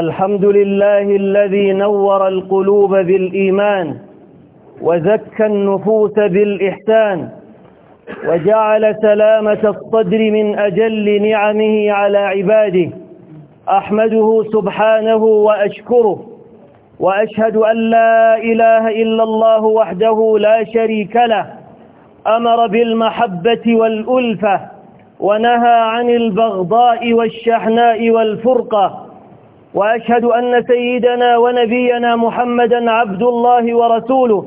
الحمد لله الذي نور القلوب بالإيمان وزكى النفوس بالإحسان وجعل سلامة الصدر من أجل نعمه على عباده أحمده سبحانه وأشكره وأشهد أن لا إله إلا الله وحده لا شريك له أمر بالمحبة والألفة ونهى عن البغضاء والشحناء والفرقة وأشهد أن سيدنا ونبينا محمدا عبد الله ورسوله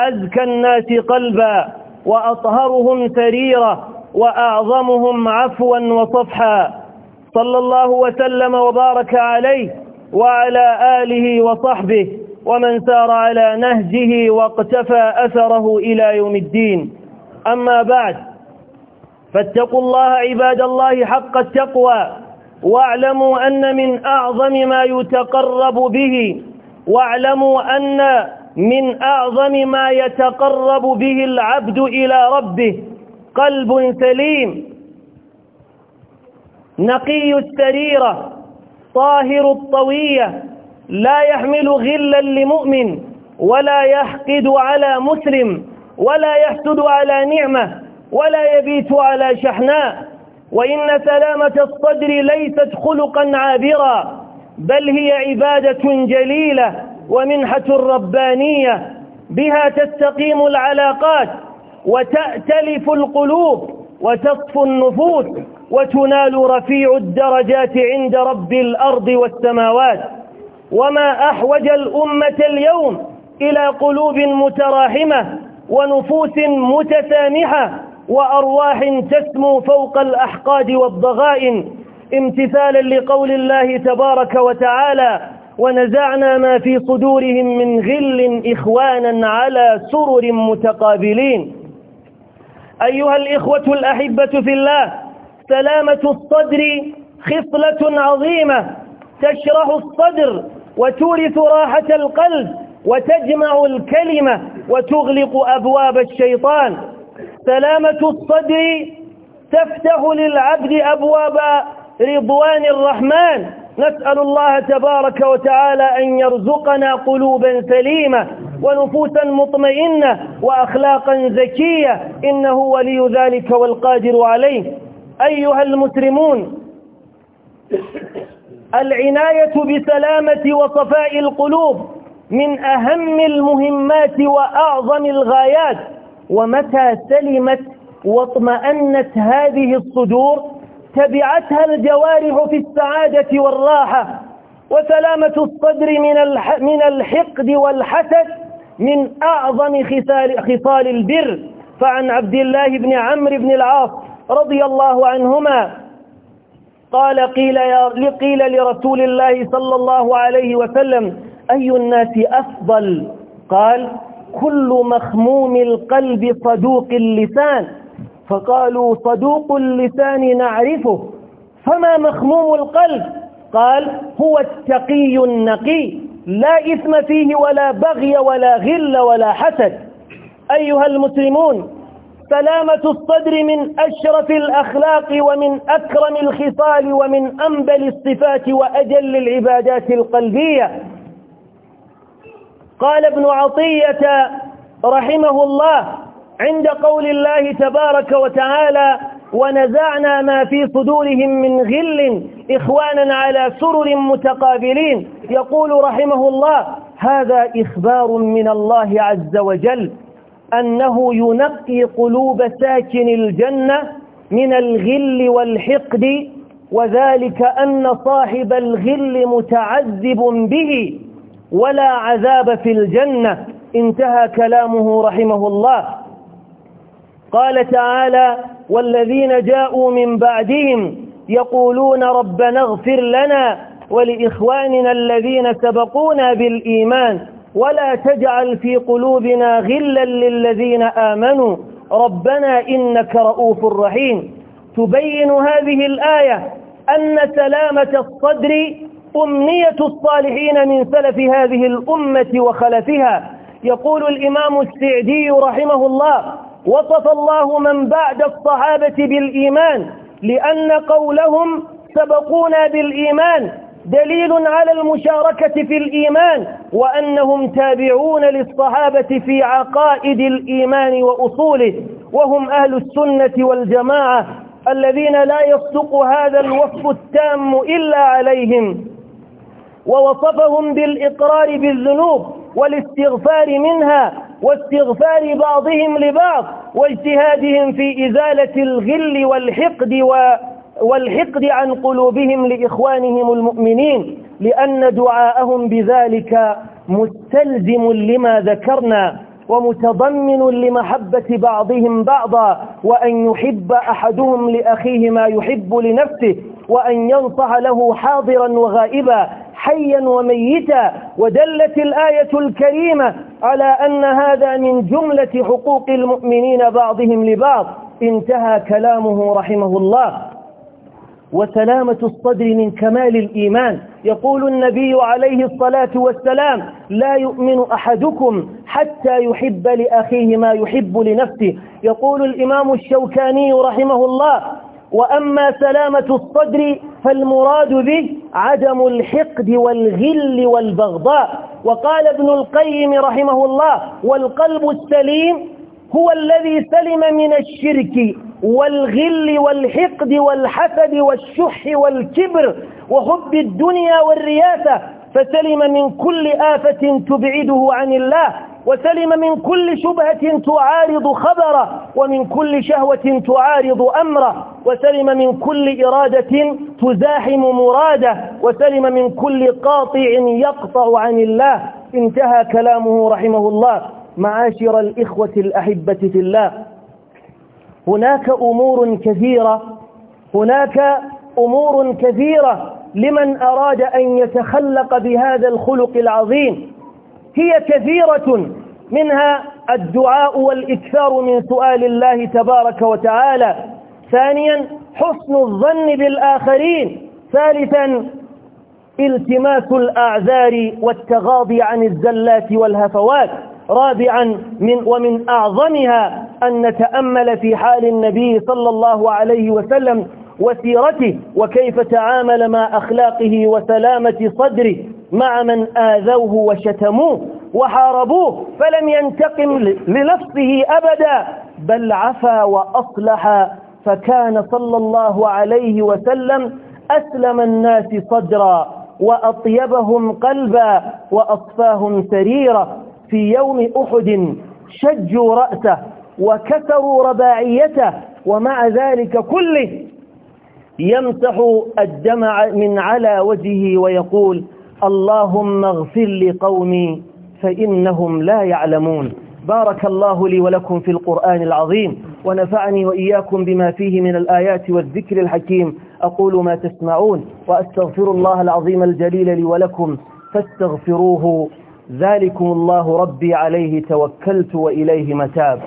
أزكى الناس قلبا وأطهرهم سريرا وأعظمهم عفوا وصفحا صلى الله وسلم وبارك عليه وعلى آله وصحبه ومن سار على نهجه واقتفى أثره إلى يوم الدين أما بعد فاتقوا الله عباد الله حق التقوى واعلموا أن من أعظم ما يتقرب به واعلموا أن من أعظم ما يتقرب به العبد إلى ربه قلب سليم نقي السريرة طاهر الطوية لا يحمل غلا لمؤمن ولا يحقد على مسلم ولا يحسد على نعمة ولا يبيت على شحناء وإن سلامة الصدر ليست خلقا عابرا بل هي عبادة جليلة ومنحة ربانية بها تستقيم العلاقات وتأتلف القلوب وتصفو النفوس وتنال رفيع الدرجات عند رب الأرض والسماوات وما أحوج الأمة اليوم إلى قلوب متراحمة ونفوس متسامحة وأرواح تسمو فوق الأحقاد والضغائن امتثالا لقول الله تبارك وتعالى ونزعنا ما في صدورهم من غل إخوانا على سرر متقابلين أيها الإخوة الأحبة في الله سلامة الصدر خصلة عظيمة تشرح الصدر وتورث راحة القلب وتجمع الكلمة وتغلق أبواب الشيطان سلامة الصدر تفتح للعبد أبواب رضوان الرحمن نسأل الله تبارك وتعالى أن يرزقنا قلوبا سليمة ونفوسا مطمئنة وأخلاقا زكية إنه ولي ذلك والقادر عليه أيها المسلمون العناية بسلامة وصفاء القلوب من أهم المهمات وأعظم الغايات ومتى سلمت واطمأنت هذه الصدور تبعتها الجوارح في السعادة والراحة وسلامة الصدر من من الحقد والحسد من أعظم خصال, خصال البر فعن عبد الله بن عمرو بن العاص رضي الله عنهما قال قيل, يا قيل لرسول الله صلى الله عليه وسلم أي الناس أفضل قال كل مخموم القلب صدوق اللسان فقالوا صدوق اللسان نعرفه فما مخموم القلب قال هو التقي النقي لا إثم فيه ولا بغي ولا غل ولا حسد أيها المسلمون سلامة الصدر من أشرف الأخلاق ومن أكرم الخصال ومن أنبل الصفات وأجل العبادات القلبية قال ابن عطية رحمه الله عند قول الله تبارك وتعالى ونزعنا ما في صدورهم من غل إخوانا على سرر متقابلين يقول رحمه الله هذا إخبار من الله عز وجل أنه ينقي قلوب ساكن الجنة من الغل والحقد وذلك أن صاحب الغل متعذب به ولا عذاب في الجنة انتهى كلامه رحمه الله قال تعالى والذين جاءوا من بعدهم يقولون ربنا اغفر لنا ولإخواننا الذين سبقونا بالإيمان ولا تجعل في قلوبنا غلا للذين آمنوا ربنا إنك رؤوف رحيم تبين هذه الآية أن سلامة الصدر أمنية الصالحين من سلف هذه الأمة وخلفها يقول الإمام السعدي رحمه الله وصف الله من بعد الصحابة بالإيمان لأن قولهم سبقونا بالإيمان دليل على المشاركة في الإيمان وأنهم تابعون للصحابة في عقائد الإيمان وأصوله وهم أهل السنة والجماعة الذين لا يصدق هذا الوصف التام إلا عليهم ووصفهم بالإقرار بالذنوب والاستغفار منها واستغفار بعضهم لبعض واجتهادهم في إزالة الغل والحقد و والحقد عن قلوبهم لإخوانهم المؤمنين لأن دعاءهم بذلك مستلزم لما ذكرنا ومتضمن لمحبة بعضهم بعضا وأن يحب أحدهم لأخيه ما يحب لنفسه وأن ينصح له حاضرا وغائبا حيا وميتا ودلت الآية الكريمة على أن هذا من جملة حقوق المؤمنين بعضهم لبعض انتهى كلامه رحمه الله وسلامة الصدر من كمال الإيمان يقول النبي عليه الصلاة والسلام لا يؤمن أحدكم حتى يحب لأخيه ما يحب لنفسه يقول الإمام الشوكاني رحمه الله وأما سلامة الصدر فالمراد به عدم الحقد والغل والبغضاء وقال ابن القيم رحمه الله والقلب السليم هو الذي سلم من الشرك والغل والحقد والحسد والشح والكبر وحب الدنيا والرياسة فسلم من كل آفة تبعده عن الله وسلم من كل شبهة تعارض خبره ومن كل شهوة تعارض أمره وسلم من كل إرادة تزاحم مراده وسلم من كل قاطع يقطع عن الله انتهى كلامه رحمه الله معاشر الإخوة الأحبة في الله هناك أمور كثيرة هناك أمور كثيرة لمن أراد أن يتخلق بهذا الخلق العظيم هي كثيرة منها الدعاء والإكثار من سؤال الله تبارك وتعالى ثانيا حسن الظن بالآخرين ثالثا التماس الأعذار والتغاضي عن الزلات والهفوات رابعا من ومن أعظمها أن نتأمل في حال النبي صلى الله عليه وسلم وسيرته وكيف تعامل مع أخلاقه وسلامة صدره مع من آذوه وشتموه وحاربوه فلم ينتقم لنفسه أبدا بل عفا وأصلح فكان صلى الله عليه وسلم أسلم الناس صدرا وأطيبهم قلبا وأصفاهم سريرا في يوم أحد شجوا رأسه وكسروا رباعيته ومع ذلك كله يمسح الدمع من على وجهه ويقول اللهم اغفر لقومي فإنهم لا يعلمون بارك الله لي ولكم في القرآن العظيم ونفعني وإياكم بما فيه من الآيات والذكر الحكيم أقول ما تسمعون وأستغفر الله العظيم الجليل لي ولكم فاستغفروه ذلكم الله ربي عليه توكلت وإليه متاب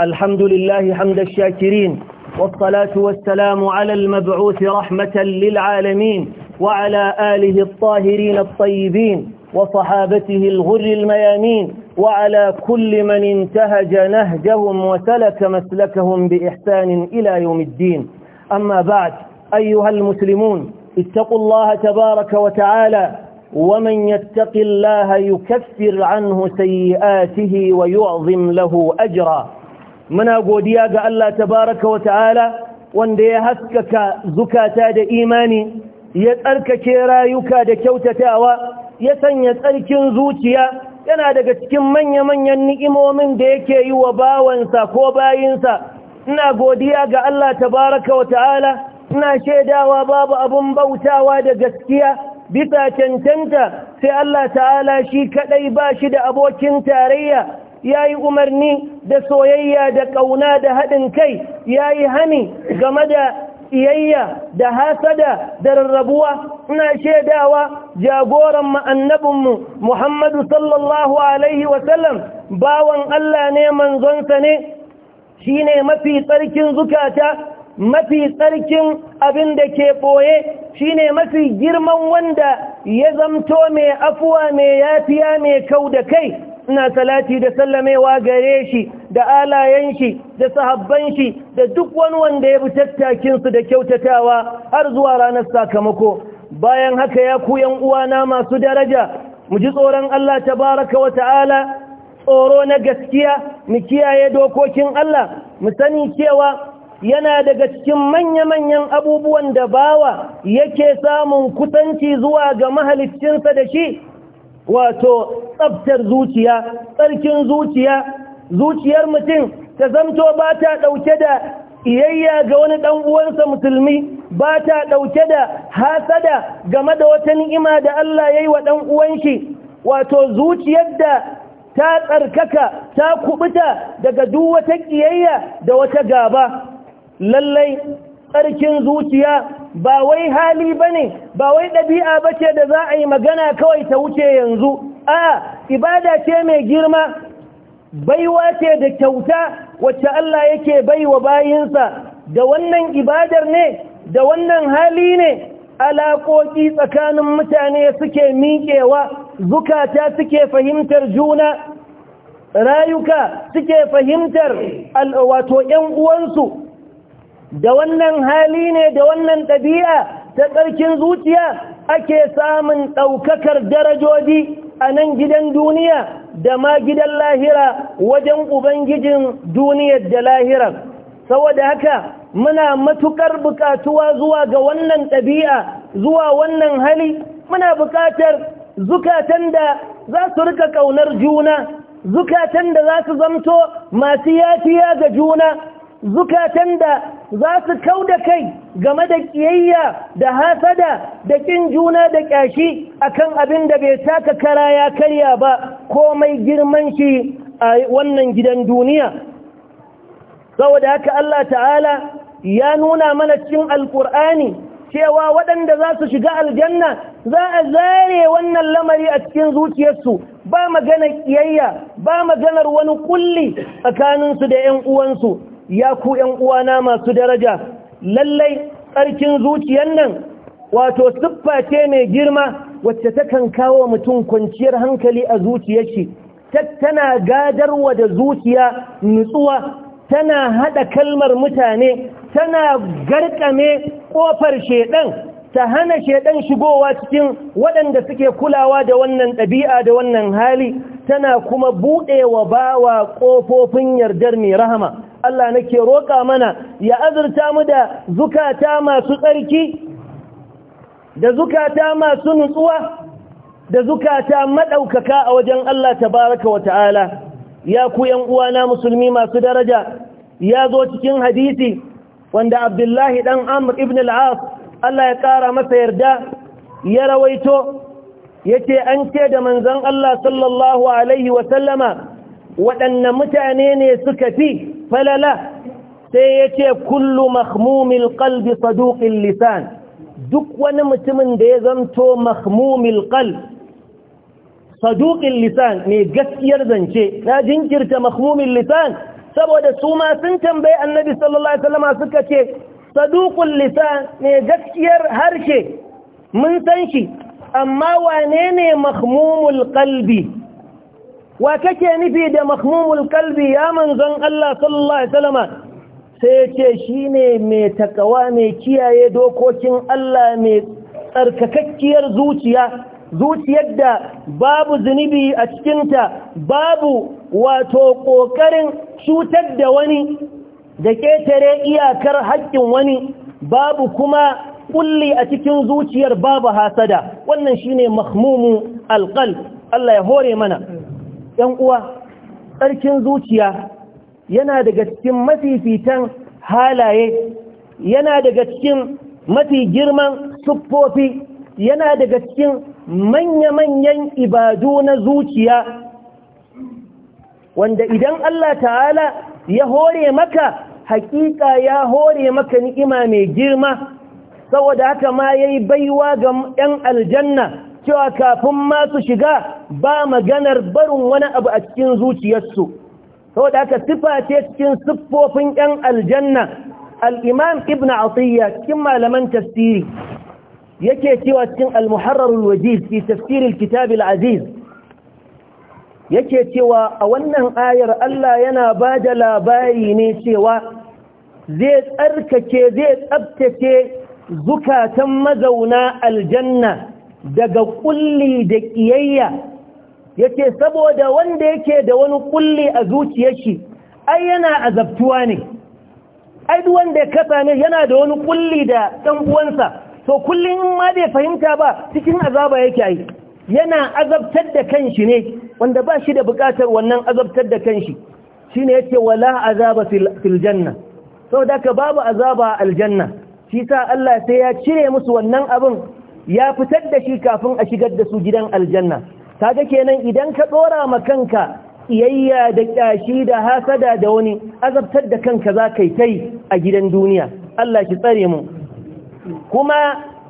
الحمد لله حمد الشاكرين والصلاة والسلام على المبعوث رحمة للعالمين وعلى آله الطاهرين الطيبين وصحابته الغر الميامين وعلى كل من انتهج نهجهم وسلك مسلكهم بإحسان إلى يوم الدين أما بعد أيها المسلمون اتقوا الله تبارك وتعالى ومن يتق الله يكفر عنه سيئاته ويعظم له أجرا muna godiya ga Allah tabaraka wata'ala ta'ala wanda ya haskaka zukata da imani ya tsarkake rayuka da kyautatawa ya sanya tsarkin zuciya yana daga cikin manya-manyan ni'imomin da yake yi wa bawansa ko bayinsa ina godiya ga Allah tabaraka wata'ala ta'ala ina shaidawa babu abun bautawa da gaskiya bisa cancanta sai Allah ta'ala shi kadai ba shi da abokin tarayya ya yi umarni da soyayya da ƙauna da haɗin kai ya yi hani game da iyayya da hasada da rarrabuwa ina shaidawa jagoran ma'annabinmu muhammadu sallallahu alaihi wasallam bawan Allah ne manzonsa ne shi ne mafi tsarkin zukata mafi tsarkin abin da ke ɓoye shi ne mafi girman wanda ya zamto mai afuwa mai yafiya mai kau da kai ina salati da sallamewa gare shi da alayen shi da sahabban shi da duk wani wanda ya bi tattakinsu da kyautatawa har zuwa ranar sakamako bayan haka ya ku yan uwana masu daraja mu ji tsoron Allah tabaraka wa ta'ala tsoro na gaskiya mu kiyaye dokokin Allah mu sani cewa yana daga cikin manya-manyan abubuwan da bawa yake samun kusanci zuwa ga mahaliccinsa da shi wato tsabtar zuciya tsarkin zuciya zuciyar mutum ta zamto ba ta ɗauke da iyayya ga wani ɗan uwansa musulmi ba ta ɗauke da hasada game da wata ni'ima da Allah ya yi wa ɗan uwanshi wato zuciyar da ta tsarkaka ta kubuta daga duk wata ƙiyayya da wata gaba lallai tsarkin zuciya ba wai hali ba ne. ba wai ɗabi'a ba ce da za a yi magana kawai ta wuce yanzu a'a ibada ce mai girma baiwa ce da kyauta wacce Allah yake baiwa bayinsa da wannan ibadar ne da wannan hali ne alaƙoƙi tsakanin mutane suke miƙewa zukata suke fahimtar juna rayuka suke fahimtar wato 'yan uwansu da wannan hali ne da wannan ɗabi'a ta ƙarkin zuciya ake samun ɗaukakar darajoji a nan gidan duniya da ma gidan lahira wajen ubangijin duniyar da lahira saboda haka muna matuƙar buƙatuwa zuwa ga wannan ɗabi'a zuwa wannan hali muna buƙatar zukatan da za su rika ƙaunar juna zukatan da za su zamto masu yafiya ga juna zukatan da za su kau da kai game da ƙiyayya da hasada da ƙin juna da ƙyashi akan abin da bai taka kara ya karya ba komai girman shi a wannan gidan duniya saboda haka Allah ta'ala ya nuna mana cikin alƙur'ani cewa waɗanda za su shiga aljanna za a zare wannan lamari a cikin zuciyarsu ba magana ƙiyayya ba maganar wani kulli tsakaninsu da 'yan uwansu ya ku ‘yan uwana masu daraja lallai tsarkin zuciyan nan wato siffa ce mai girma wacce takan kawo mutum kwanciyar hankali a zuciyar shi tana gadarwa da zuciya nutsuwa tana hada kalmar mutane tana garkame kofar shedan ta hana shedan shigowa cikin waɗanda suke kulawa da wannan ɗabi'a da wannan hali tana kuma buɗewa bawa ƙofofin yardar mai rahama Allah nake roƙa mana ya azurta mu da zukata masu tsarki da zukata masu nutsuwa da zukata madaukaka a wajen Allah tabaraka wa ta'ala ya ku yan uwana musulmi masu daraja ya zo cikin hadisi wanda Abdullahi dan Amr ibn al-As Allah ya ƙara masa yarda ya rawaito yace an ce da manzon Allah sallallahu alaihi wa sallama waɗanne mutane ne suka fi falala sai ya ce kullu mahmumil kalbi saduƙin lisan duk wani mutumin da ya zanto mahmumil qalb saduƙin lisan mai gaskiyar zance na jinkirta mahmumil lisan saboda su ma sun tambayi annabi sallallahu alaihi wasallam suka ce saduqul lisan ne gaskiyar harshe mun san shi amma wane ne mahmumul qalbi wa kake nufi da mahmumul kalbi ya manzon Allah sallallahu alaihi wasallam sai ce shine mai takawa mai kiyaye dokokin Allah mai tsarkakakkiyar zuciya zuciyar da babu zunubi a cikinta babu wato kokarin cutar da wani da ketare iyakar haƙƙin wani babu kuma kulli a cikin zuciyar babu hasada wannan shine mahmumu alqalb Allah ya hore mana ‘yan uwa, tsarkin zuciya yana daga cikin mafifitan halaye, yana daga cikin mafi girman siffofi, yana daga cikin manya-manyan ibadu na zuciya, wanda idan Allah ta'ala ya hore maka, hakika ya hore maka ni'ima mai girma, saboda haka ma ya yi baiwa ga ‘yan aljanna. cewa kafin masu shiga ba maganar barin wani abu a cikin zuciyarsu saboda haka sifa ce cikin siffofin 'yan aljanna al'imam ibn atiyya cikin malaman tafsiri yake cewa cikin al-muharrarul wajiz fi tafsiril kitab aziz yake cewa a wannan ayar Allah yana ba da labari ne cewa zai tsarkake zai tsabtace zukatan mazauna aljanna daga kulli da kiyayya yake saboda wanda yake da wani kulli a zuciyar shi ai yana azabtuwa ne ai duk wanda ya kasa ne yana da wani kulli da ɗan uwansa to kullum in ma bai fahimta ba cikin azaba yake ai yana azabtar da kanshi ne wanda ba shi da buƙatar wannan azabtar da kanshi shine yace wala azaba fil janna saboda ka babu azaba aljanna shi sa Allah sai ya cire musu wannan abin ya fitar da shi kafin a shigar da su gidan aljanna kaga kenan idan ka dora ma kanka iyayya da kyashi da hasada da wani azabtar da kanka za kai tai a gidan duniya Allah ki tsare mu kuma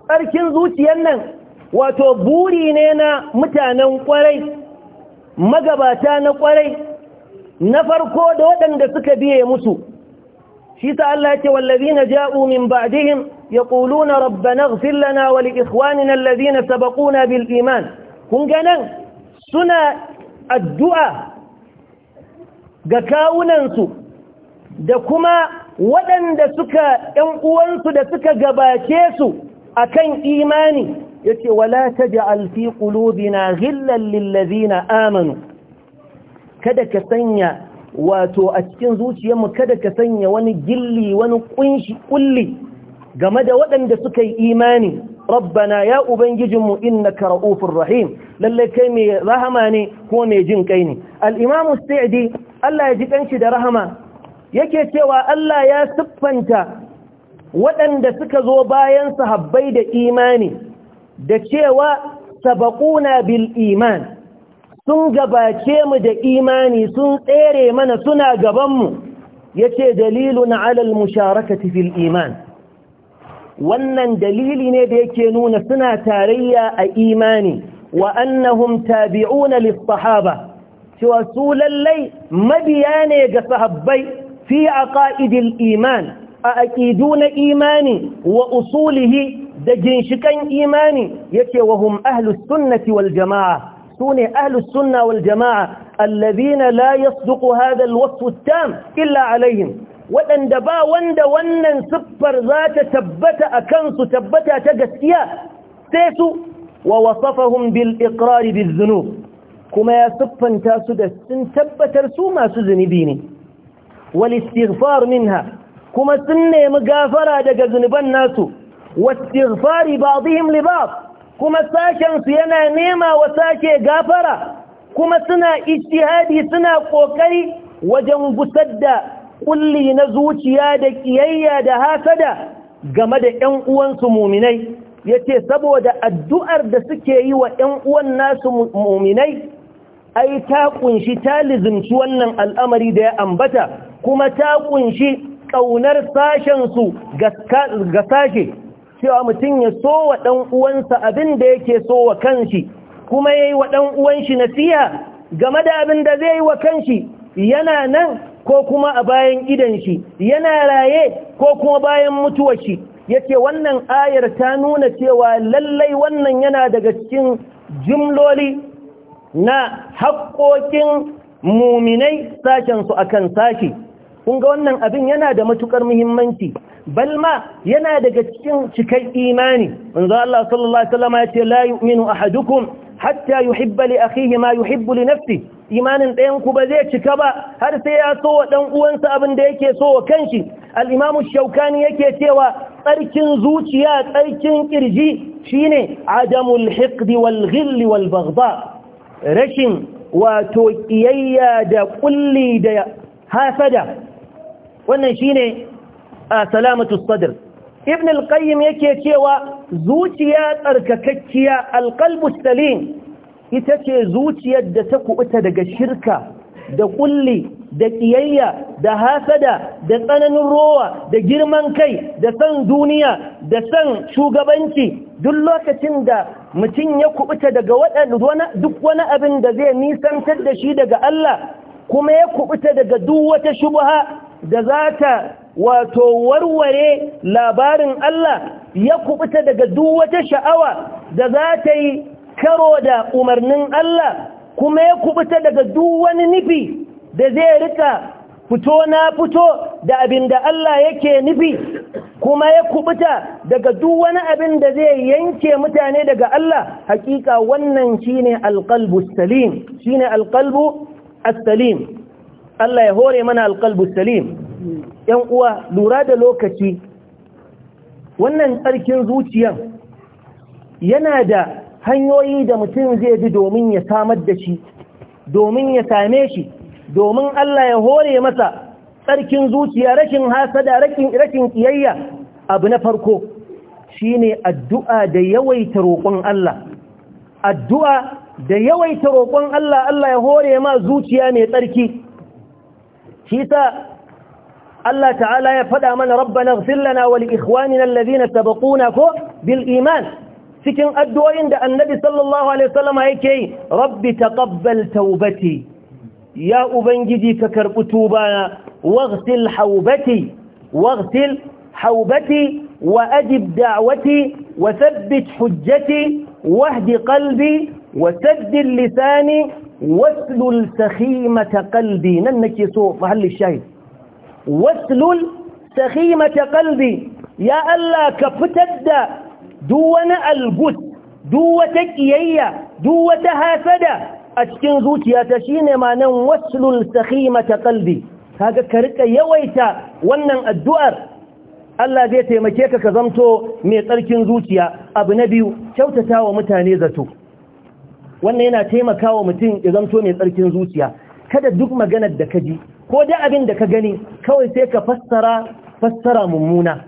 tsarkin zuciyar nan wato buri ne na mutanen kwarai magabata na kwarai na farko da waɗanda suka biye musu shi ta Allah ce wallazina ja'u min ba'dihim yaquluna rabbana ighfir lana wa li ikhwanina alladhina sabaquna bil iman kun suna addu'a ga kawunansu da kuma waɗanda suka ɗan uwansu da suka gabace su akan imani yace wala taj'al fi qulubina ghillan lil ladina amanu kada ka sanya wato a cikin zuciyarmu kada ka sanya wani gilli wani kunshi kulli game da waɗanda suka yi imani rabbana ya ubangijinmu innaka ra'ufur rahim lalle kai mai rahama ne ko mai jin kai ne al-imamu saidi Allah ya ji kanshi da rahama yake cewa Allah ya siffanta waɗanda suka zo bayan sahabbai da imani da cewa sabaquna bil iman sun gabace mu da imani sun tsere mana suna gabanmu ya ce dalilun alal musharakati fil iman wannan dalili ne da yake nuna suna tarayya a imani wa annahum tabi'una lis-sahaba cewa su lallai mabiya ne ga sahabbai fi aqaidil iman a aqidu na imani wa usulihi da ginshikan imani yake wa hum ahlus sunnati wal jama'a يوصفوني أهل السنة والجماعة الذين لا يصدق هذا الوصف التام إلا عليهم وأن دبا وند ون سبر ذات تبت أكنس تبت تجسيا سيسو ووصفهم بالإقرار بالذنوب كما يا سبا تاسد السن تبت رسوما سزني بيني والاستغفار منها كما سنة مغافرة دقى ذنبا ناسو واستغفار بعضهم لبعض kuma sashen su yana nema wa sashe gafara kuma suna ijtihadi suna kokari wajen gusar da kulli na zuciya da kiyayya da hasada game da ƴan uwansu muminai yace saboda addu'ar da suke yi wa ƴan uwan nasu muminai ai ta kunshi ta wannan al'amari da ya ambata kuma ta kunshi ƙaunar sashensu ga sashe cewa mutum ya so wa ɗan uwansa abin da yake so wa kanshi kuma ya yi wa ɗan uwanshi siya game da abin da zai yi wa kanshi yana nan ko kuma a bayan idon shi yana raye ko kuma bayan mutuwar shi yace wannan ayar ta nuna cewa lallai wannan yana daga cikin jimloli na haƙoƙin muminai sashensu akan sashi kun ga wannan abin yana da matuƙar muhimmanci balma yana daga cikin cikai imani manzo Allah sallallahu alaihi wasallam ya ce la yu'minu ahadukum hatta yuhibba li akhihi ma yuhibbu li nafsi imanin ɗayan ku ba zai cika ba har sai ya so wa dan uwansa abin da yake so wa kanshi al-imam shaukani yake cewa tsarkin zuciya tsarkin kirji shine adamul hiqdi wal ghilli wal baghdha rashin wato kiyayya da kulli da hasada wannan shine salamatu sadr ibn al-qayyim yake cewa zuciya tsarkakakkiya alqalbu salim ita ce zuciyar da ta kubuta daga shirka da kulli da kiyayya da hasada da tsananin rowa da girman kai da san duniya da san shugabanci duk lokacin da mutum ya kubuta daga duk wani abin da zai nisantar da shi daga Allah kuma ya kubuta daga duk wata shubha da za ta wato warware labarin Allah ya kubuta daga duk wata sha'awa da za ta yi karo da umarnin Allah kuma ya kubuta daga duk wani nufi da zai rika fito na fito da abin da Allah yake nufi kuma ya kubuta daga duk wani abin da zai yanke mutane daga Allah hakika wannan shine alqalbu salim shine alqalbu as-salim Allah ya hore mana alqalbu salim ‘yan uwa lura da lokaci wannan tsarkin zuciyan yana da hanyoyi da mutum zai bi domin ya samar da shi domin ya same shi domin Allah ya hore masa tsarkin zuciya rashin hasada rashin kiyayya abu na farko shine addu'a da yawaita roƙon Allah addu'a da yawaita roƙon Allah Allah ya hore ma zuciya mai tsarki shi ta الله تعالى يفدى من ربنا اغفر لنا ولإخواننا الذين سبقونك بالإيمان سكن الدوين دا النبي صلى الله عليه وسلم هيكي إيه؟ رب تقبل توبتي يا أبنجدي ككرب توبانا واغسل حوبتي واغسل حوبتي وأجب دعوتي وثبت حجتي واهد قلبي وسد لساني واسلل سخيمه قلبي ننكي سوء محل الشاهد waslul sahimata kalbi, ya Allah ka fitar da duk wani algus duk wata kiyayya duk wata hasada a cikin zuciyata shine manan waslul sahimata kalbi. kaga ka rika yawaita wannan addu'ar Allah zai taimake ka ka zamto mai tsarkin zuciya abu na biyu kyautata wa mutane zato wannan yana taimakawa mutum ya zamto mai tsarkin zuciya kada duk maganar da ka ji ko da abin da ka gani kawai sai ka fassara fassara mummuna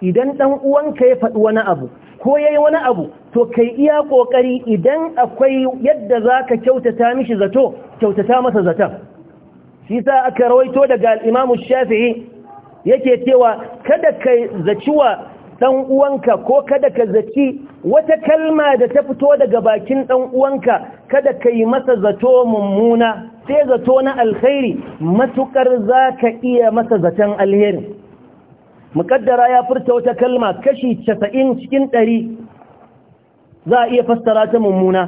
idan dan uwanka ya faɗi wani abu ko yayi wani abu to kai iya kokari idan akwai yadda zaka kyautata mishi zato kyautata masa zatan shi sa aka rawaito daga al-Imam Shafi'i yake cewa kada kai zaciwa dan uwanka ko kada ka zaci wata kalma da ta fito daga bakin dan uwanka kada kai masa zato mummuna sai zato na alkhairi matukar za ka iya masa zaton alheri mukaddara ya furta wata kalma kashi casa'in cikin ɗari za a iya fassara ta mummuna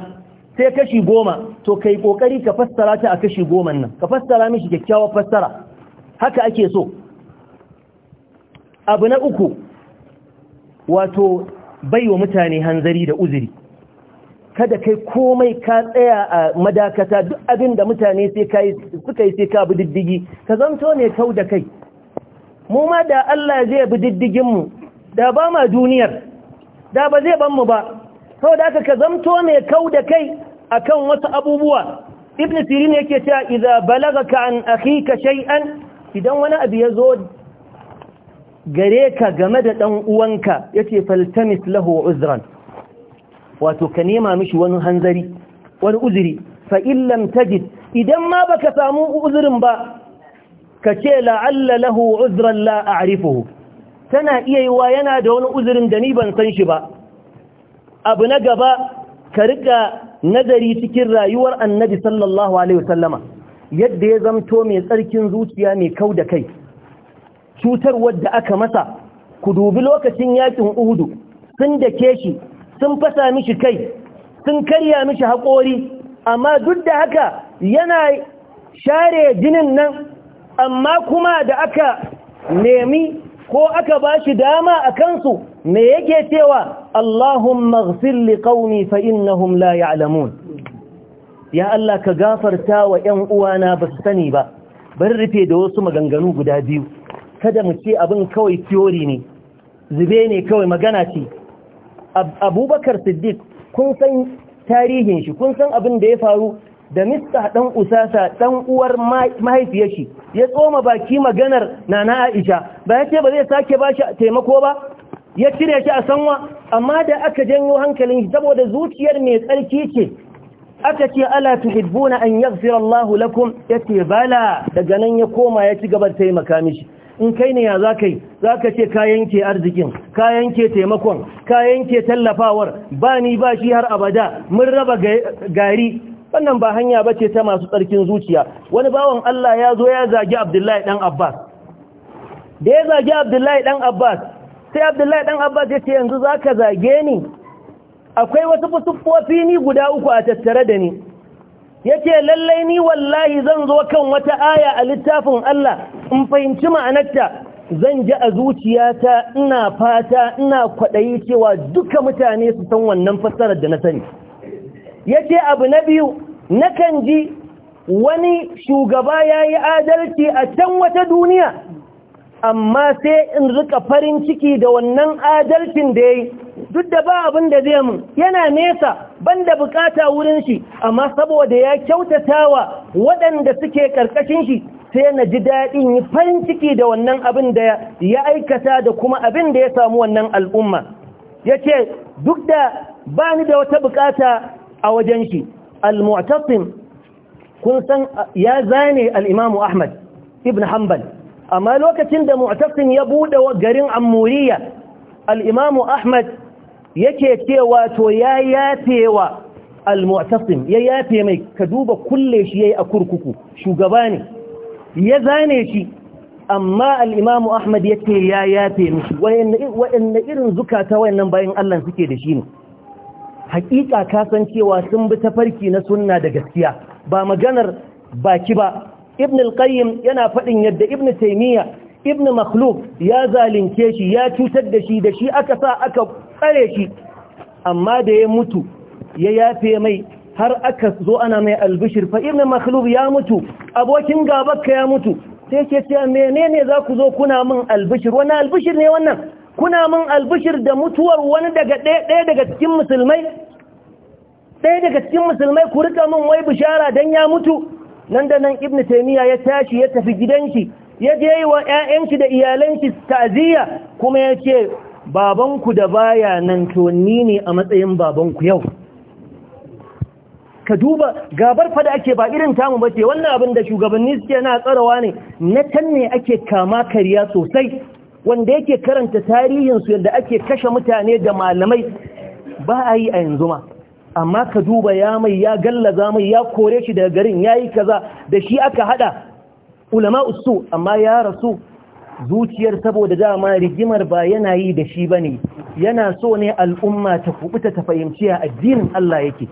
sai kashi goma to kai kokari ka fassara ta a kashi 10 nan ka fassara mishi kyakkyawar fassara haka ake so abu na uku wato baiwa mutane hanzari da uzuri kada kai komai ka tsaya a madakata duk abin da mutane suka yi sai ka bi diddigi ka zanto ne kau da kai mu ma da Allah zai bi diddiginmu da ba ma duniyar da ba zai ban mu ba sau da aka ka zamto ne kau da kai akan wasu abubuwa ibn sirin yake cewa balaga ka an akhika shay'an idan wani abu ya zo gare ka game da ɗan uwanka yace faltamis lahu uzran wato ka nema mishi wani hanzari wani uzuri fa illam tajid idan ma baka samu uzurin ba ka ce la'alla lahu uzran la a'rifuhu tana iya yiwa yana da wani uzurin da ni ban san shi ba abu na gaba ka rika nazari cikin rayuwar annabi sallallahu alaihi wasallama yadda ya zamto mai tsarkin zuciya mai kau da kai cutar wadda aka masa ku dubi lokacin yakin uhudu sun da ke shi sun fasa mishi kai sun karya mishi haƙori amma duk da haka yana share jinin nan amma kuma da aka nemi ko aka ba shi dama a kansu me yake cewa Allahumma ghfir liƙauni fain fa innahum la ya'lamun ya Allah ka gafarta wa 'yan uwana ba su sani ba bari rufe da wasu maganganu guda biyu kada mu ce abin kawai theory ne zube ne kawai magana ce abubakar siddiq kun san tarihin shi kun san abin da ya faru da mista dan usasa dan uwar mahaifiyar shi ya tsoma baki maganar nana aisha ba ya ce ba zai sake ba shi taimako ba ya cire shi a sanwa amma da aka janyo hankalin shi saboda zuciyar mai tsarki ce aka ce ala tuhibbuna an yaghfira Allahu lakum ce bala daga nan ya koma ya ci gaba da taimaka mishi in kai ne ya za ka yi za ka ce kayan ke arzikin Kayan ke taimakon Kayan ke tallafawar ba ni ba shi har abada mun raba gari wannan ba hanya ba ce ta masu tsarkin zuciya wani bawan Allah ya zo ya zagi abdullahi dan abbas da ya zagi abdullahi dan abbas sai abdullahi ɗan abbas ya ce yanzu za ka zage ni akwai wasu fusuffofi ni guda uku a tattare da ni yace lallai ni wallahi zan zo kan wata aya a littafin Allah in fahimci ma'anarta zan ji a zuciyata ina fata ina kwaɗayi cewa duka mutane su san wannan fassarar da na sani yace abu na biyu nakan ji wani shugaba yayi adalci a can wata duniya amma sai in rika farin ciki da wannan adalcin da yayi duk da ba abin da zai mun yana nesa banda bukata wurin shi amma saboda ya kyautatawa waɗanda suke karkashin shi sai na ji daɗin yi farin ciki da wannan abin da ya aikata da kuma abin da ya samu wannan al'umma ya ce duk da ba ni da wata bukata a wajen shi al-mu'tasim kun san ya zane Al'imamu ahmad ibn hanbal amma lokacin da mu'tasim ya buɗe garin amuriya al-imamu ahmad yake cewa to ya yafewa al-mu'tasim ya yafe mai ka duba kulle shi yayi a kurkuku shugaba ne ya zane shi amma al-imam Ahmad yake ya yafe mishi wayanne irin zukata wayannan bayin Allah suke da shi ne hakika cewa sun bi ta farki na sunna da gaskiya ba maganar baki ba ibn al-qayyim yana fadin yadda ibn taymiya ibn makhluk ya zalunce shi ya cutar da shi da shi aka sa aka tsare shi amma da ya mutu ya yafe mai har aka zo ana mai albishir fa ibn makhluk ya mutu abokin gabanka ya mutu sai ke ce menene za ku zo kuna min albishir wani albishir ne wannan kuna min albishir da mutuwar wani daga ɗaya daga cikin musulmai ɗaya daga cikin musulmai ku rika min wai bishara dan ya mutu nan da nan ibn taymiya ya tashi ya tafi shi. ya je yi wa 'ya'yanki da iyalanki ta'aziyya kuma ya ce babanku da baya nan to ni ne a matsayin babanku yau ka duba gabar fada ake ba irin tamu ba ce, wannan abin da shugabanni suke na tsarawa ne na can ne ake kama kariya sosai wanda yake karanta tarihinsu yadda ake kashe mutane da malamai ba a yi a yanzu ma amma ka duba ya mai ya gallaza mai ya kore shi daga garin ya yi kaza da shi aka hada ulama usu amma ya rasu zuciyar saboda dama rigimar ba yana yi da shi bane yana so ne al'umma ta kubuta ta fahimci addinin Allah yake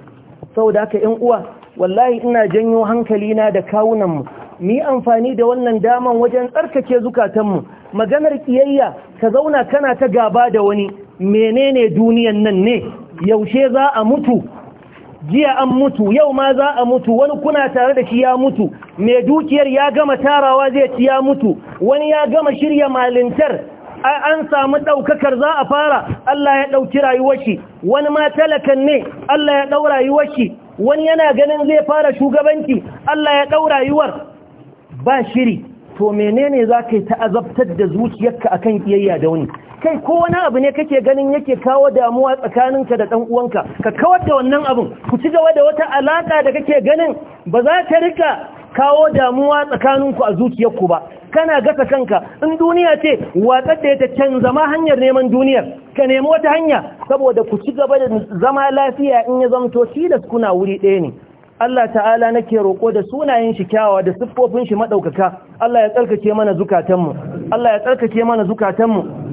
saboda haka ƴan uwa wallahi ina janyo hankali na da kawunan mu mi amfani da wannan daman wajen tsarkake zukatanmu maganar kiyayya ka zauna kana ta gaba da wani menene duniyan nan ne yaushe za a mutu jiya an mutu yau ma za a mutu wani kuna tare da shi ya mutu mai dukiyar ya gama tarawa zai ci ya mutu wani ya gama shirya malintar an samu ɗaukakar za a fara Allah ya ɗauki rayuwar shi wani ma talakan ne Allah ya ɗau rayuwar shi wani yana ganin zai fara shugabanci Allah ya ɗau rayuwar ba shiri to menene za ka yi azabtar da zuciyarka akan kiyayya da wani kai ko wani abu ne kake ganin yake kawo damuwa tsakaninka da ɗan uwanka ka kawar da wannan abin ku ci gaba da wata alaƙa da kake ganin ba za ta rika kawo damuwa tsakaninku a zuciyarku ba kana gasa kanka in duniya ce watsar da ta canza ma hanyar neman duniyar ka nemi wata hanya saboda ku ci gaba da zama lafiya in ya zamto tilas kuna wuri ɗaya ne Allah ta'ala nake roƙo da sunayen shi kyawawa da siffofin shi maɗaukaka Allah ya tsarkake mana zukatanmu Allah ya tsarkake mana zukatanmu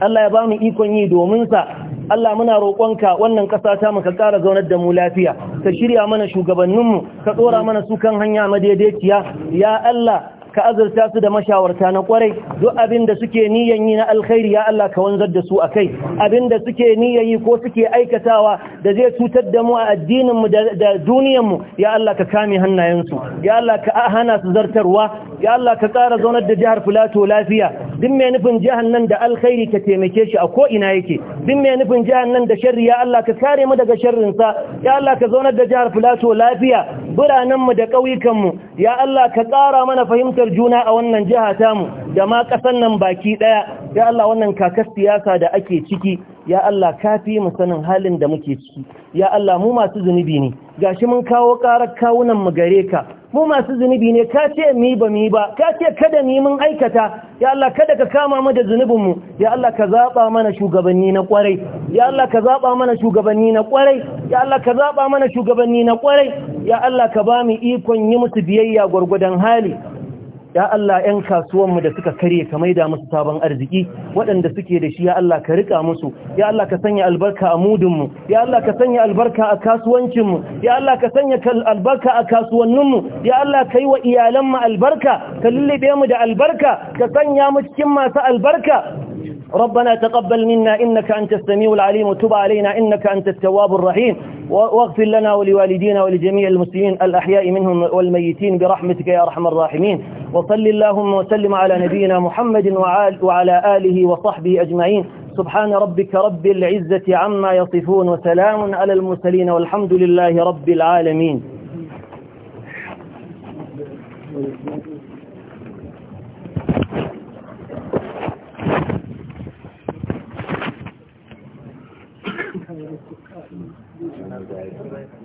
Allah ya ba mu ikon yi domin sa Allah muna roƙonka wannan ƙasa ta mu ka ƙara zaunar da mu lafiya ka shirya mana shugabanninmu ka tsora mana su kan hanya madaidaiciya ya Allah ka azurta su da mashawarta na kwarai duk abin da suke niyan yi na alkhairi ya Allah ka wanzar da su a kai abin da suke niyan yi ko suke aikatawa da zai cutar da mu a addininmu da duniyanmu ya Allah ka kame hannayensu ya Allah ka hana su zartarwa ya Allah ka ƙara zaunar da jihar Filato lafiya duk mai nufin jihar nan da alkhairi ka taimake shi a ko ina yake duk mai nufin jihar nan da sharri ya Allah ka kare mu daga sharrin sa ya Allah ka zaunar da jihar Filato lafiya Biranenmu da ƙauyukan mu ya Allah ka ƙara mana fahimtar juna a wannan jiha tamu da ma ƙasar nan baki ɗaya. ya Allah wannan kakar siyasa da ake ciki ya Allah ka fi mu sanin halin da muke ciki ya Allah mu masu zunubi ne gashi mun kawo karar kawunan mu gare ka mu masu zunubi ne ka ce mi ba mi ba ka ce kada mi mun aikata ya Allah kada ka kama mu da zunubin mu ya Allah ka zaba mana shugabanni na kwarai ya Allah ka zaba mana shugabanni na kwarai ya Allah ka zaba mana shugabanni na kwarai ya Allah ka ba mu ikon yi musu biyayya gwargwadon hali ya Allah ‘yan kasuwanmu da suka kare ka maida musu sabon arziki waɗanda suke da shi ya Allah ka rika musu ya Allah ka sanya albarka a mudinmu ya Allah ka sanya albarka a kasuwancinmu ya Allah ka sanya albarka a kasuwanninmu ya Allah ka yi wa iyalanmu albarka ka lullube mu da albarka ka sanya mu cikin masu albarka ربنا تقبل منا إنك أنت السميع العليم وتب علينا إنك أنت التواب الرحيم واغفر لنا ولوالدينا ولجميع المسلمين الأحياء منهم والميتين برحمتك يا أرحم الراحمين وصل اللهم وسلم على نبينا محمد وعلى آله وصحبه أجمعين سبحان ربك رب العزة عما يصفون وسلام على المرسلين والحمد لله رب العالمين right.